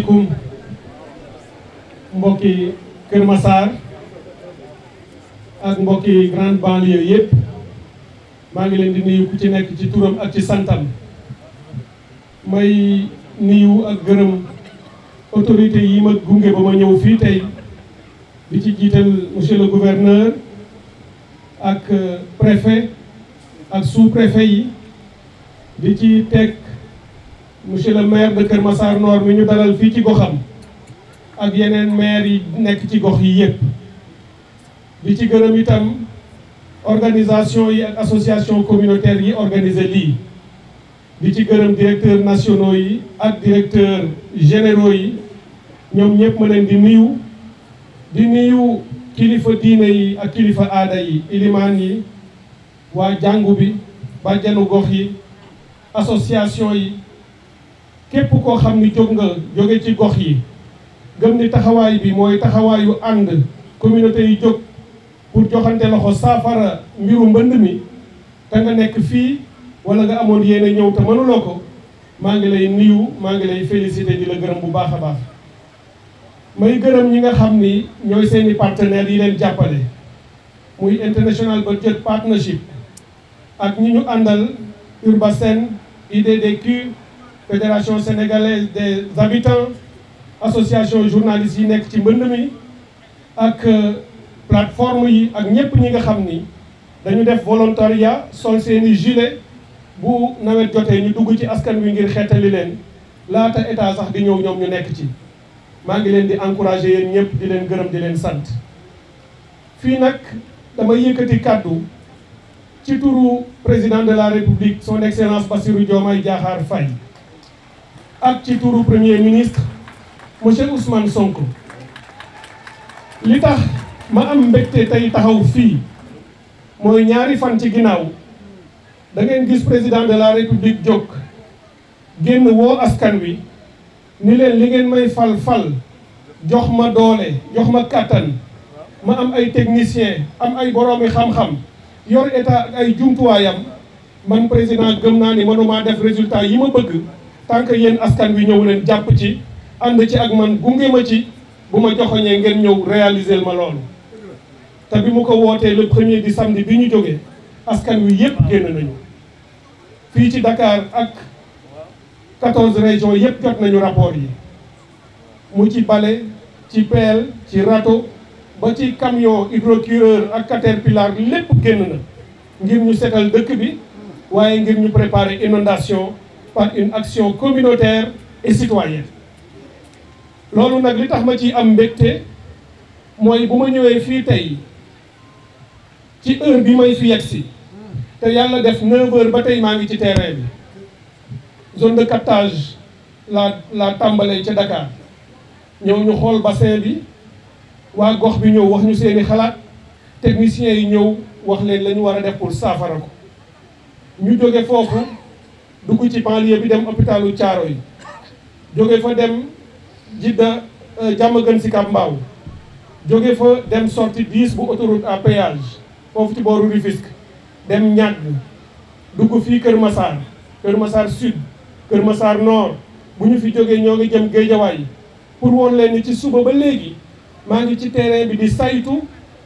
asalaamaaleykum mbokki Kër Massar ak mbokki grande banlieue yëpp maa ngi leen di nuyu ku ci nekk ci turam ak ci santam may nuyu ak gërëm autorité yi ma gunge ba ma ñëw fii tey di ci jiital monsieur le gouverneur ak préfet ak sous-préfet yi di ci teg monsieur le maire de Kër Massar Nord mi ñu dalal fii ci xam ak yeneen maire yi nekk ci gox yi yépp di ci gërëm itam organisation yi ak association communautaire yi organiser lii di ci gërëm directeurs nationaux yi ak directeurs généraux yi ñoom ñëpp ma leen di nuyu di nuyu kilifa diine yi ak kilifa aada yi ilimaan yi waa jàngu bi bàjjanu gox yi association yi képp koo xam ni jóg nga jóge ci gox yi gëm ni taxawaay bi mooy taxawaayu ànd communauté yi jóg pour joxante loxo saafara mbiru mbënd mi te nga nekk fii wala nga amoon yéene ñëw te mënuloo ko maa ngi lay nuyu maa ngi lay félicité di la gërëm bu baax a baax may gërëm ñi nga xam ni ñooy seeni partenaires yi leen jàppale muy international budget partnership ak ñi ñu àndal Urbasen IDDQ fédération sénégalaise des habitants association journalistes yi nekk ci mbënd mi ak euh, plateforme yi ak ñëpp ñi nga xam ni dañu def volontariat sol seeni gilet bu nawet jotee ñu dugg ci askan wi ngir xeetali leen laata état sax di ñëw ñoom ñu nekk ci maa ngi leen di encouragé yéen ñëpp di leen gërëm di leen sant fii nag dama yëkkati kàddu ci turu président de la république son excellence Bassirou Diomaye Diakhar Faye ak ci turu premier ministre monsieur Ousmane Sonko li tax ma am mbégte tey taxaw fii mooy ñaari fan ci ginnaaw da ngeen gis président de la république jóg génn woo askan wi ni leen li ngeen may fal-fal jox ma doole jox ma kàttan ma am ay technicien am ay boroomi xam-xam yor état ak ay jumtuwaayam man président gëm naa ni mënumaa def résultat yi ma bëgg tant que yéen askan wi ñëw leen jàpp ci ànd ci ak man gunge ma ci bu ma joxoñee ngeen ñëw réaliser ma loolu te bi mu ko wootee la premier di samedi bi ñu jógee askan wi yépp génn nañu fii ci Dakar ak 14 régions yépp jot nañu rapport yi mu ci bale ci peel ci râteau ba ci camion hydrocureur ak caterpillar lépp génn na ngir ñu setal dëkk bi waaye ngir ñu préparer inondation par une action communautaire et citoyenne loolu nag li tax ma ci am mbégte mooy bu ma ñëwee fii tey ci heure bi may fi yegg si te yàlla def 9 heures ba tey maa ngi ci terrain bi zone de captage laa la tàmbalee ca Dakar ñëw ñu xool bassin bi waa gox bi ñëw wax ñu seeni xalaat techniciens yi ñëw wax leen lañu war a def pour saafara ko ñu jóge foofu. dugg ci banlieue bi dem hôpitalu caaro yi jóge fa dem jidda euh, jàmm gën si Kab Mbaaw jóge fa dem sortie 10 bu autoroute à péage foofu ci booru Rufisque dem ñàgg dugg fii Kër Massar Kër Massar sud Kër masaar noor bu ñu fi jógee ñoo ngi jëm Géejawaay pour woon leen ni ci suba ba léegi maa ngi ci terrain bi di saytu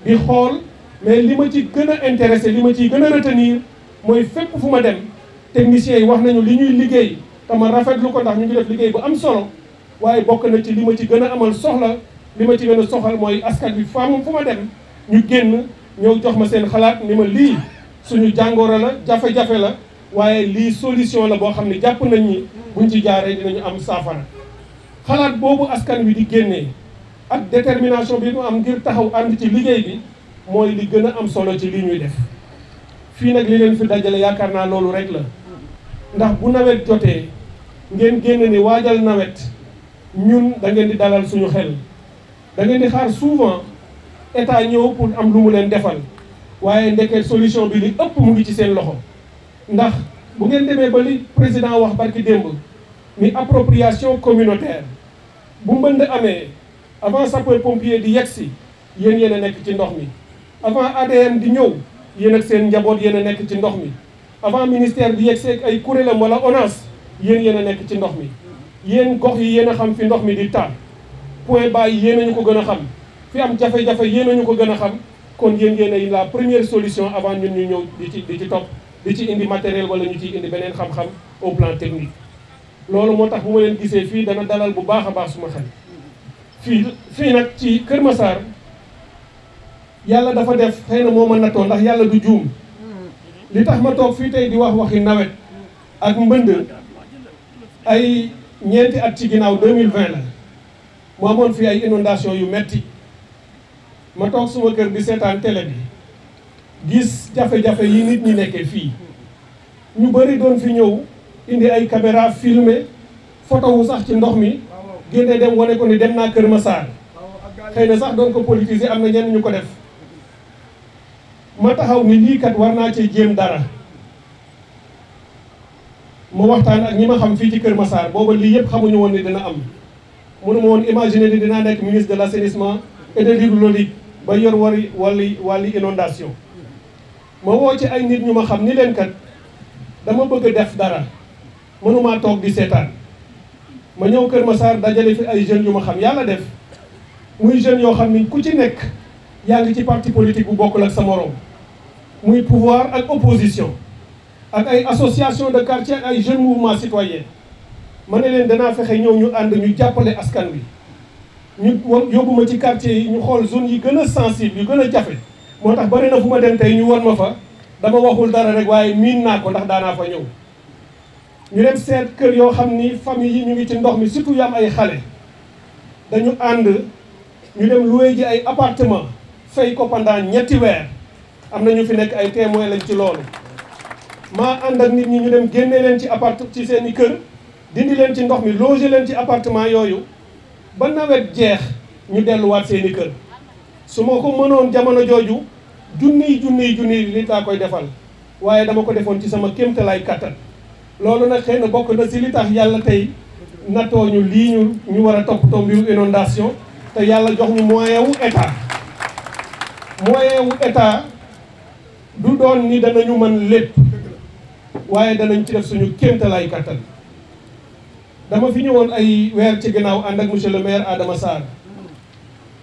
di xool mais li ma ci gën a intéressé li ma ciy gën a retenir mooy fépp fu ma dem techniciens yi wax nañu li ñuy liggéey te ma lu ko ndax ñu ngi def liggéey bu am solo waaye bokk na ci li ma ci gën a amal soxla li ma ci gën a soxal mooy askan bi faamum fu ma dem ñu génn ñëw jox ma seen xalaat ni ma lii suñu jàngooro la jafe-jafe la waaye lii solution la boo xam ne jàpp nañ ni buñ ci jaaree dinañu am saafara xalaat boobu askan wi di génnee ak determination bi mu am ngir taxaw ànd ci liggéey bi mooy li gën a am solo ci li ñuy def fii nag li leen fi dajale yaakaar naa loolu rek la ndax bu nawet jotee ngeen génn ni waajal nawet ñun da ngeen di dalal suñu xel da ngeen di xaar souvent état ñëw pour am lu mu leen defal waaye ndeke solution bi li ëpp mu ngi ci seen loxo ndax bu ngeen demee ba li président wax barki démb ni appropriation communautaire bu mbënd amee avant sapeur pompier di yegsi yéen yéen a nekk ci ndox mi avant ADM di ñëw yéen ak seen njaboot yéen a nekk ci ndox mi avant ministère bi yegg seeg ay kuréelam wala ONAS yéen yéen a nekk ci ndox mi yéen gox yi yéen a xam fi ndox mi di taal Point Baye yéen a ñu ko gën a xam fi am jafe-jafe yéen a ñu ko gën a xam kon yéen yéen ay la première solution avant ñun ñu ñëw di ci di ci topp di ci indi matériel wala ñu ci indi beneen xam-xam au plan technique. loolu moo tax bu ma leen gisee fii dana dalal bu baax baax suma xel fii fii nag ci Kër Massar yàlla dafa def xëy na moo ma nattoo ndax yàlla du juum. li tax ma toog fii tey di wax waxi nawet ak mbënd ay ñeenti at ci ginnaaw 2020 la mu amoon fii ay inondation yu metti ma toog suma kër di seetaan télé bi gis jafe-jafe yi nit ñi nekkee fii ñu bëri doon fi ñëw indi ay caméra filmé photo wu sax ci ndox mi génne dem wane ko ni dem naa Kër ma Massar xëy na sax doon ko politiser am na ñenn ñu ko def ma taxaw ni lii kat war naa cee jéem dara mu waxtaan ak ñi ma xam fii ci Kër Massar booba lii yëpp xamuñu woon ni dina am mënuma woon imaginer ni dinaa nekk ministre de la et de l'hydraulique ba yor wari wàlli wàlli inondation ma woo ci ay nit ñu ma xam ni leen kat dama bëgg a def dara mënumaa toog di seetaan ma ñëw Kër Massar dajale fi ay jeunes yu ma xam yàlla def muy jeunes yoo xam ni ku ci nekk yaa ngi ci parti politique bu bokkul ak sa morom muy pouvoir ak opposition ak ay association de quartier ak ay jeunes mouvement citoyen ma ne leen danaa fexe ñëw ñu ànd ñu jàppale askan wi ñu wan yóbbu ci quartier yi ñu xool zone yi gën a sensible yu gën a jafe moo tax bari na fu ma dem tey ñu war ma fa dama waxul dara rek waaye miin naa ko ndax daanaa fa ñëw ñu dem seet kër yoo xam ni famille yi ñu ngi ci ndox mi surtout yu am ay xale dañu ànd ñu dem loué ji fay ko pendant ñetti weer am na ñu fi nekk ay témoin lañ ci loolu maa ànd ak nit ñi ñu dem génne leen ci appart ci seeni i kër dindi leen ci ndox mi loger leen ci apartement yooyu ba nawet jeex ñu delluwaat seeni kër su ma ko mënoon jamono jooju junniy junniy junniy li taa koy defal waaye dama ko defoon ci sama kéemtalaay kattan loolu nag xëy na bokk na si li tax yàlla tey nattoo ñu lii ñu ñu war a toppatoo mbiru inondation te yàlla jox ñu moyen état moyen wu état du doon ni danañu mën lépp waaye danañ ci def suñu kéemtalaay kàttan dama fi ñëwoon ay weer ci gannaaw ànd ak monsieur le maire Adama Sarr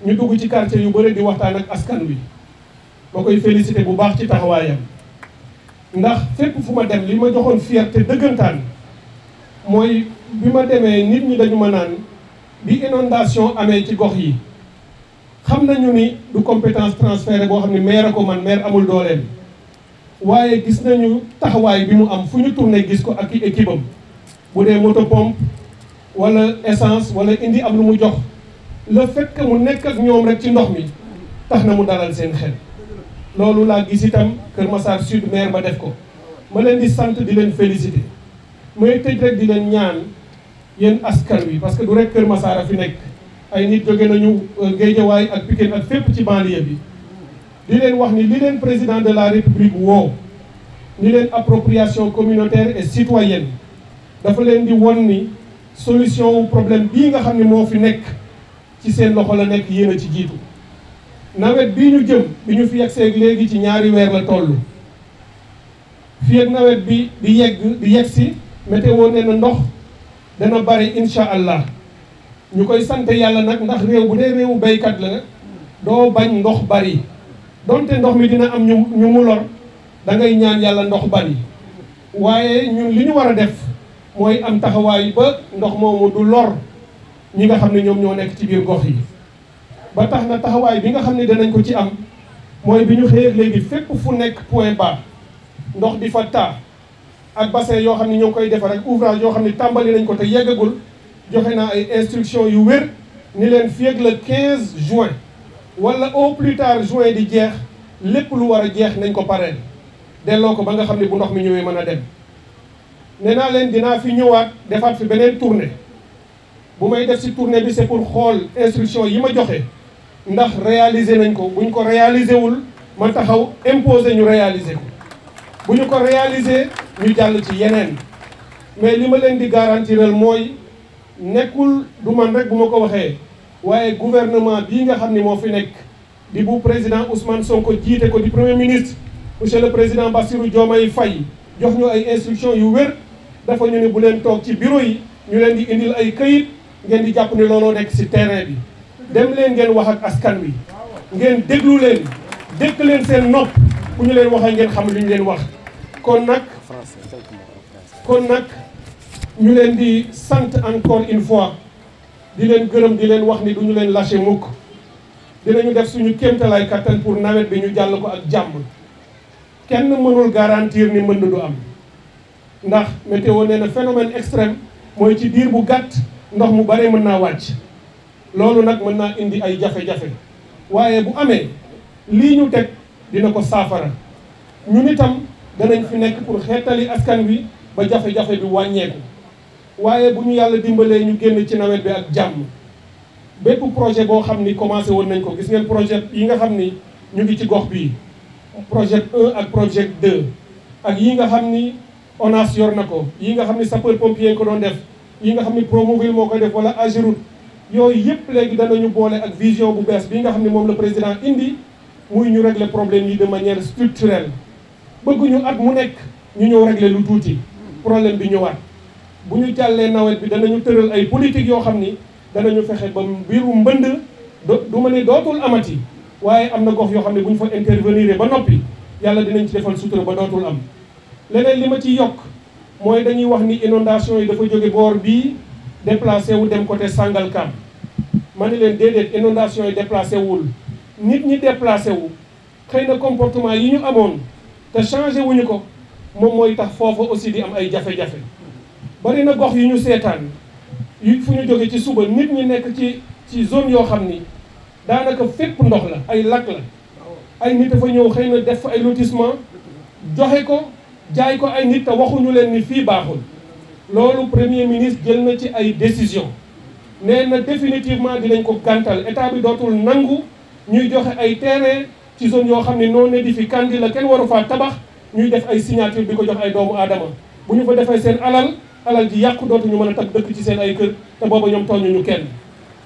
ñu dugg ci quartier yu bëri di waxtaan ak askan wi ma koy félicité bu baax ci taxawaayam ndax fépp fu ma dem li ma joxoon te dëggantaan mooy bi ma demee nit ñi dañu ma naan bi inondation amee ci gox yi xam nañu ni du compétence transférée boo xam ne maire a ko man maire amul dooleen waaye gis nañu taxawaay bi mu am fu ñu tourné gis ko ak i équipe am bu dee moto pompe wala essence wala indi am lu mu jox la fekk que mu nekk ak ñoom rek ci ndox mi tax na mu dalal seen xel loolu laa gis itam Kër Massar Sud maire ma def ko ma leen di sant di leen féliciter may tëj rek di leen ñaan yéen askan wi parce que du rek Kër Massar a fi nekk ay nit jóge nañu euh, Géejawaay ak Pikine ak fépp ci banlieue bi li leen wax ni li leen président de la république woo ni leen appropriation communautaire et citoyenne dafa leen di won ni solution wu problème bii nga xam ne moo fi nekk ci seen loxo la nekk yéen ci jiitu nawet bii ñu jëm bi ñu fi yegseeg léegi ci ñaari weer la toll fii ak nawet bi di yegg di yegg si météo nee na ndox dana bari incha allah ñu koy sant yàlla nag ndax réew bu dee réewu béykat la doo bañ ndox bari donte ndox mi dina am ñu ñu mu lor da ngay ñaan yàlla ndox bari waaye ñu li ñu war a def mooy am taxawaay ba ndox moomu du lor ñi nga xam ne ñoom ñoo nekk ci biir gox yi. ba tax na taxawaay bi nga xam ne danañ ko ci am mooy bi ñu xëyee léegi fépp fu nekk point bas ndox di fa taa ak bassin yoo xam ne ñoo koy defar ak ouvrage yoo xam ne tàmbali nañ ko te yeggagul. joxe naa ay instruction yu wér ni leen fii ak le juin wala au plus tard juin di jeex lépp lu war a jeex nañ ko pareel delloo ko ba nga xam ne bu ndox mi ñëwee mën a dem nee naa leen dinaa fi ñëwaat defaat fi beneen tournée bu may def ci tournée bi c'est pour xool instruction yi ma joxe ndax réaliser nañ ko buñ ko réaliser wul ma taxaw imposer ñu réaliser ko bu ñu ko réaliser ñu jàll ci yeneen mais li ma leen di garantiral mooy nekkul du man rek bu ma ko waxee waaye gouvernement bii nga xam ni moo fi nekk di bu président Ousmane Sonko jiite ko di premier ministre monsieur le président Bassirou Diomaye fay jox ñu ay instruction yu wér dafa ñu ne bu leen toog ci bureau yi ñu leen di indil ay këyit ngeen di jàpp ne looloo nekk ci terrain bi dem leen ngeen wax ak askan wi ngeen déglu leen dégg leen seen nopp bu ñu leen waxee ngeen xam li ñu leen wax kon nag kon nag ñu leen di sant encore une fois di leen gërëm di leen wax ni du ñu leen lâché mukk dinañu def suñu kéemtalaay kattan pour nawet bi ñu jàll ko ak jàmm kenn mënul garantir ni mën na du am ndax météo nee na phénomène extrême mooy ci diir bu gàtt ndox mu bare mën naa wàcc loolu nag mën naa indi ay jafe-jafe waaye bu amee lii ñu teg dina ko saafara ñun itam danañ fi nekk pour xeetali askan wi ba jafe-jafe bi wàññeeku waaye bu ñu yàlla dimbalee ñu génn ci nawet bi ak jàmm bépp projet boo xam ni commencé woon nañ ko gis ngeen projet yi nga xam ni ñu ngi ci gox bi projet 1 ak projet 2 ak yi nga xam ni ONAS yor na ko yi nga xam ni sapeur pompier ko doon def yi nga xam ni Promoville moo ko def wala Ageroute yooyu yëpp léegi ñu boole ak vision bu bees bi nga xam ni moom la président indi muy ñu régler problème yi de manière structurelle ñu at mu nekk ñu ñëw régler tuuti problème bi ñëwaat. bu ñu jàllee nawet bi danañu tëral ay politique yoo xam ni danañu fexee ba mbiru mbënd du ma ne dootul amati waaye am na gox yoo xam ne bu ñu fa intervenir ba noppi yàlla dinañ ci defal sutura ba dootul am leneen li ma ci yokk mooy dañuy wax ni inondation yi dafa jóge boor bii déplacé wu dem côté Sangalkam ma ne leen déedéet inondation yi déplacé wul nit ñi déplacé wu xëy na comportement yi ñu amoon te changé wuñu ko moom mooy tax foofa aussi di am ay jafe bari na gox yi ñu seetaan yu fu ñu jóge ci suba nit ñi nekk ci ci zone yoo xam ni daanaka fépp ndox la ay lac la ay nit dafa ñëw xëy na def fa ay lotissement joxe ko jaay ko ay nit te waxuñu leen ni fii baaxul loolu premier ministre jël na ci ay décision nee na définitivement lañ ko gàntal état bi dootul nangu ñuy joxe ay terrain ci zone yoo xam ne di fi édificandi la kenn waru faa tabax ñuy def ay signature bi ko joxe ay doomu aadama bu ñu fa defee seen alal alal ji yàqu dootuñu mën a takk dëkk ci seen ay kër te booba ñoom ñu kenn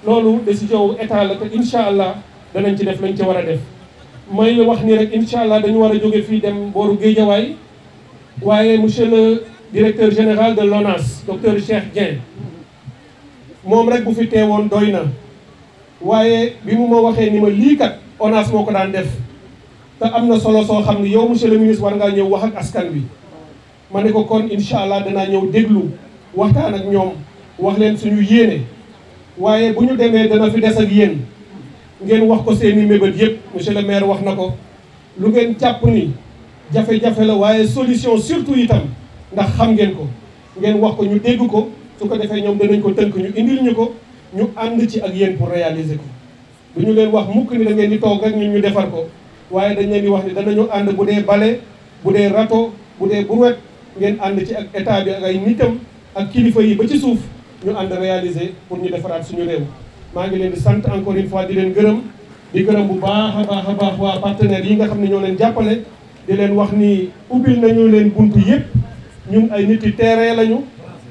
loolu si wu état la te incha allah lañ ci def lañ ci war a def may wax ni rek incha allah dañu war a jóge fii dem booru Géejawaay waaye monsieur le directeur général de l'ONAS docteur Cheikh Dieng moom rek bu fi teewoon doy na waaye bi mu ma waxee ni ma lii kat ONAS moo ko daan def te am na solo soo xam ne yow monsieur le ministre war ngaa ñëw wax ak askan bi ma ne ko kon incha allah danaa ñëw déglu waxtaan ak ñoom wax leen suñu yéene waaye bu ñu demee dana fi des ak yéen ngeen wax ko seeni mébét yépp monsieur le wax na ko lu ngeen jàpp ni jafe-jafe la waaye solution surtout itam ndax xam ngeen ko ngeen wax ko ñu dégg ko su ko defee ñoom danañ ko tënk ñu indil ñu ko ñu ànd ci ak yéen pour réaliser ko du ñu leen wax mukk ni da ngeen di toog rek ñun ñu defar ko waaye dañ leen di wax ni danañu ànd bu dee bale bu dee râteau bu dee brouette ngeen ànd ci ak état bi ak ay nitam ak kilifa yi ba ci suuf ñu ànd réaliser pour ñu defaraat suñu réew maa ngi leen di sant encore une fois di leen gërëm di gërëm bu baax a baax a baax waa partenaires yi nga xam ne ñoo leen jàppale di leen wax ni ubbil nañu leen bunt yépp ñun ay nit yi terrain lañu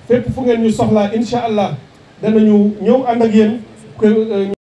fépp fu ngeen ñu soxlaa incha allah ñu ñëw ànd ak yéen euh,